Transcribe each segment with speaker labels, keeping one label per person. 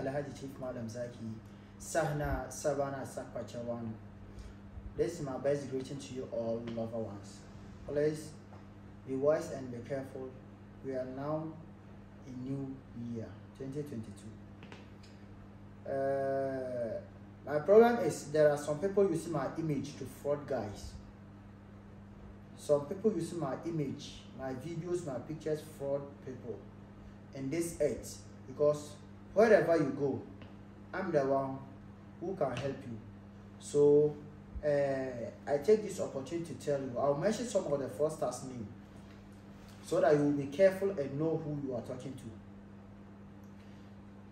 Speaker 1: Alhaji Chief Madam Zaki, Sahna Savannah Sakpachawan. This is my best greeting to you all, loved ones. Please be wise and be careful. We are now a new year, 2022. Uh, my problem is there are some people using my image to fraud guys. Some people using my image, my videos, my pictures fraud people in this age because wherever you go, I'm the one who can help you. So uh, I take this opportunity to tell you, I'll mention some of the fraudsters' name so that you will be careful and know who you are talking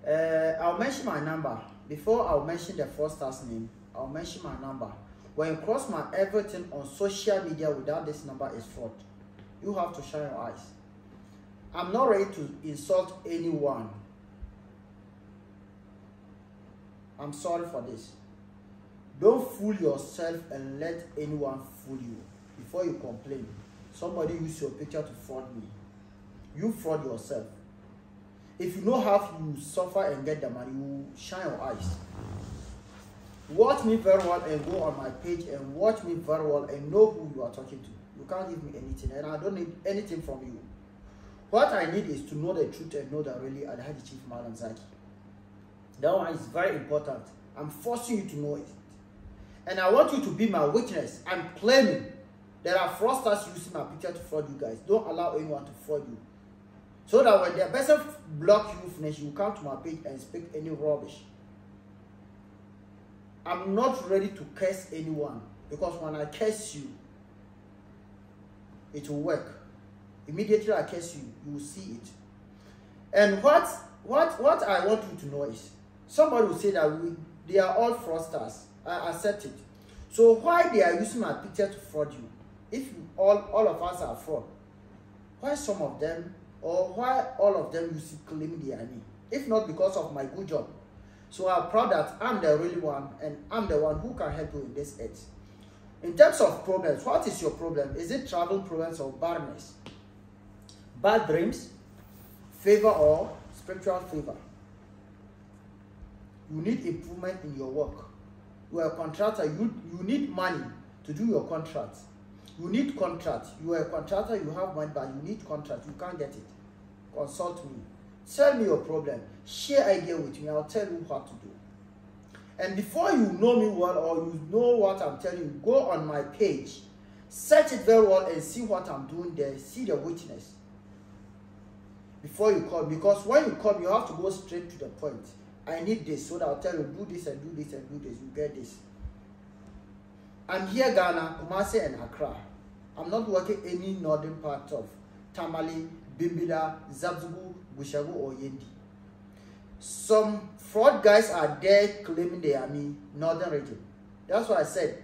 Speaker 1: to. Uh, I'll mention my number. Before I'll mention the fraudsters' name, I'll mention my number. When you cross my everything on social media without this number is fraud. You have to shine your eyes. I'm not ready to insult anyone I'm sorry for this. Don't fool yourself and let anyone fool you. Before you complain, somebody use your picture to fraud me. You fraud yourself. If you know how you suffer and get the money, you shine your eyes. Watch me very well and go on my page and watch me very well and know who you are talking to. You can't give me anything and I don't need anything from you. What I need is to know the truth and know that really I the Chief Malanzaki. That one is very important. I'm forcing you to know it. And I want you to be my witness. I'm claiming there are fraudsters using my picture to fraud you guys. Don't allow anyone to fraud you. So that when the person block you finish, you come to my page and speak any rubbish. I'm not ready to curse anyone because when I curse you, it will work. Immediately I curse you, you will see it. And what what what I want you to know is Somebody will say that we, they are all fraudsters. I accept it. So why they are using my picture to fraud you? If all, all of us are fraud, why some of them or why all of them you see claim they are If not because of my good job. So I'm proud that I'm the real one and I'm the one who can help you in this age. In terms of problems, what is your problem? Is it travel problems or barrenness? Bad dreams, favor or spiritual favor? You need improvement in your work. You are a contractor, you, you need money to do your contract. You need contract. You are a contractor, you have money, but you need contract. You can't get it. Consult me. Tell me your problem. Share idea with me. I'll tell you what to do. And before you know me well or you know what I'm telling you, go on my page. Search it very well and see what I'm doing there. See the witness before you come. Because when you come, you have to go straight to the point. I need this. So that I'll tell you, do this and do this and do this. You get this. I'm here, Ghana, Kumasi, and Accra. I'm not working any northern part of Tamale, Bimbida, Zabzugu, Bushagu, or Yendi. Some fraud guys are there claiming they are me, northern region. That's why I said,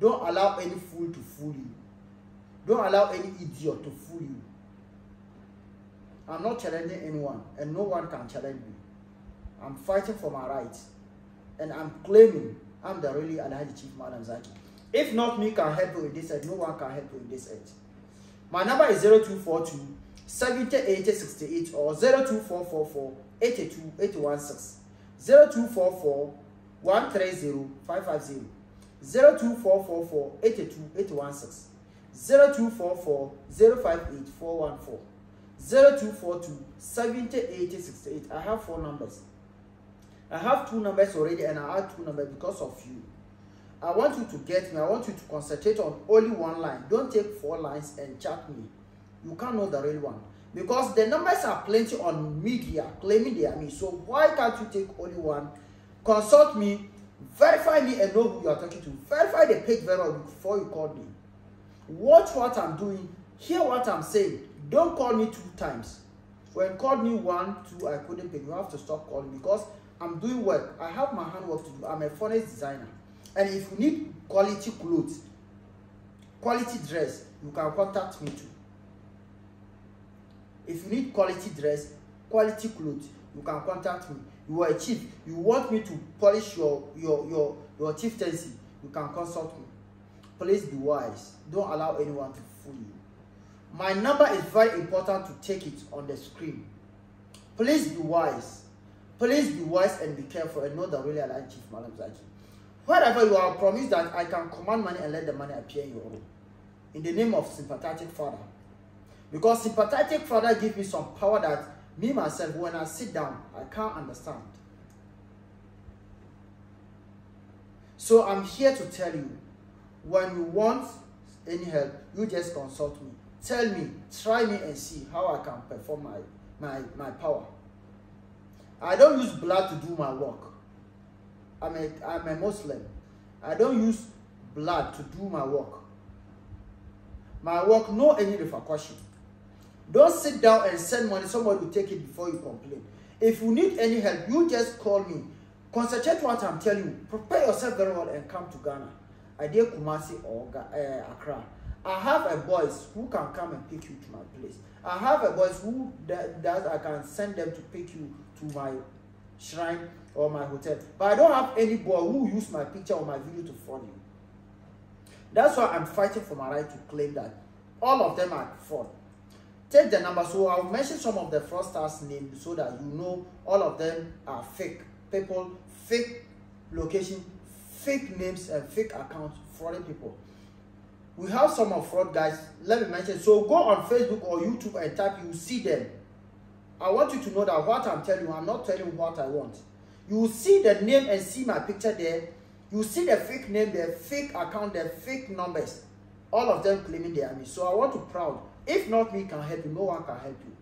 Speaker 1: don't allow any fool to fool you. Don't allow any idiot to fool you. I'm not challenging anyone, and no one can challenge me. I'm fighting for my rights. And I'm claiming I'm the really Alhaji Chief Madam Zaki. If not me can help you in this earth, no one can help you in this earth. My number is 0242 708068 or 244 82816. 0244 130 550. 244 82816. 0244 058 414. 0242 70 68. I have four numbers. I have two numbers already and I add two numbers because of you. I want you to get me. I want you to concentrate on only one line. Don't take four lines and chat me. You can't know the real one. Because the numbers are plenty on media claiming they are me. So why can't you take only one? Consult me, verify me and know who you are talking to. Verify the page very well before you call me. Watch what I'm doing. Hear what I'm saying. Don't call me two times. When called me one, two, I couldn't pay. You have to stop calling because I'm doing work. I have my handwork to do. I'm a furnace designer. And if you need quality clothes, quality dress, you can contact me too. If you need quality dress, quality clothes, you can contact me. You are a chief. You want me to polish your your your your chieftaincy, you can consult me. Please be wise. Don't allow anyone to fool you. My number is very important to take it on the screen. Please be wise. Please be wise and be careful and know the really aligned Chief Malam Zaki. Wherever you are, promise that I can command money and let the money appear in your room. In the name of sympathetic father. Because sympathetic father gives me some power that me myself, when I sit down, I can't understand. So I'm here to tell you, when you want any help, you just consult me. Tell me, try me and see how I can perform my, my, my power. I don't use blood to do my work. I'm a, I'm a Muslim. I don't use blood to do my work. My work, no any repercussion. Don't sit down and send money. Somebody will take it before you complain. If you need any help, you just call me. Concentrate what I'm telling you. Prepare yourself very well and come to Ghana. I Idea Kumasi or uh, Accra. I have a boys who can come and pick you to my place. I have a boys who that, that I can send them to pick you to my shrine or my hotel. But I don't have any boy who use my picture or my video to fraud you. That's why I'm fighting for my right to claim that all of them are fraud. Take the number. So I'll mention some of the fraudsters' names so that you know all of them are fake people, fake location, fake names, and fake accounts, frauding people. we have some of fraud guys let me mention so go on facebook or youtube and type you see them i want you to know that what i'm telling you i'm not telling you what i want you see the name and see my picture there you see the fake name the fake account the fake numbers all of them claiming they are me so i want to proud if not me can help you no one can help you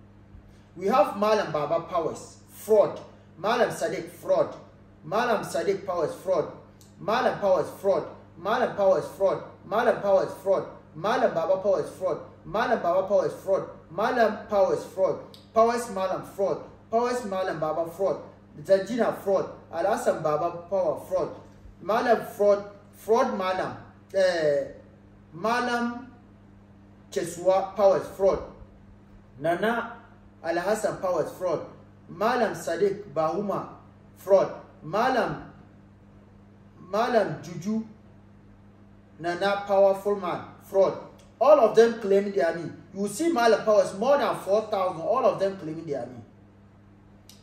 Speaker 1: we have malam baba powers fraud malam sadiq fraud malam sadiq powers fraud malam powers fraud Malam Power is fraud. Malam Power is fraud. Malam Baba Power is fraud. Malam Baba Power is fraud. Malam Power is fraud. is Malam fraud. is Malam Baba fraud. Zajina fraud. Alasan Baba Power fraud. Malam fraud. Fraud Malam. Uh, Malam Cheswa is fraud. Nana Alhassan is fraud. Malam Sadiq Bahuma fraud. Malam Malam Juju Nana Powerful Man, Fraud. All of them claiming they are me. You see Malam Powers, more than 4,000, all of them claiming they are me.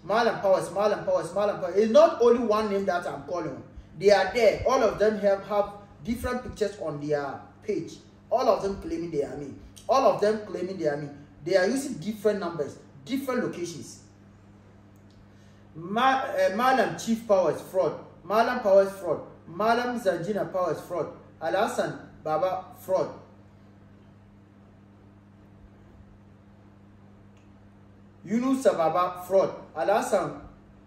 Speaker 1: Malam Powers, Malam Powers, Malam Powers. It's not only one name that I'm calling. They are there. All of them have, have different pictures on their page. All of them claiming they are me. All of them claiming they are me. They are using different numbers, different locations. Ma, uh, eh, Malam Chief Powers, fraud. Malam Powers, fraud. Malam Power Powers, fraud. alhassan baba fraud yunusa baba fraud alhassan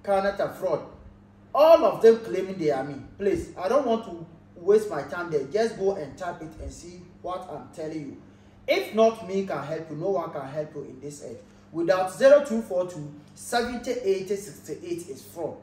Speaker 1: kanata fraud all of them claiming they are me please i don't want to waste my time there just go and tap it and see what i'm telling you if not me can help you no one can help you in this age. without 0242 70 80 68 is fraud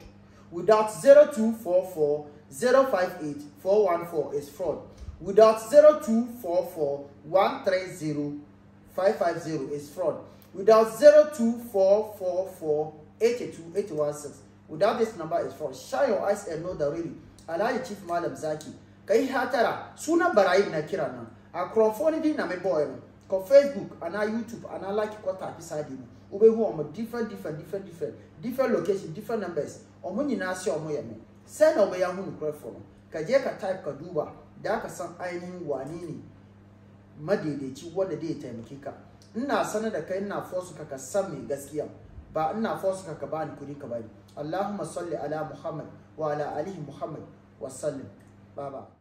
Speaker 1: without 0244 058414 is fraud. Without 02441305550 is fraud. Without 02444882816. Without this number is fraud. Shine your eyes and know the really. the Chief Malam Zaki. Kai hatara suna barayi na kira na. A di na me boy Ko Facebook and YouTube and I like kwata beside him. Ube hu omo different different different different different location different numbers. Omu nyina se omu ye me. sai na ya hunu platform ka je ka type ka duba da ka san ainihin wane ne madaidaici wanda zai taimake ka ina sanar da kai ina force ka ka san mai gaskiya ba ina force ka ka bani kuɗi ka bani Allahumma salli ala Muhammad wa ala alihi Muhammad wa sallim baba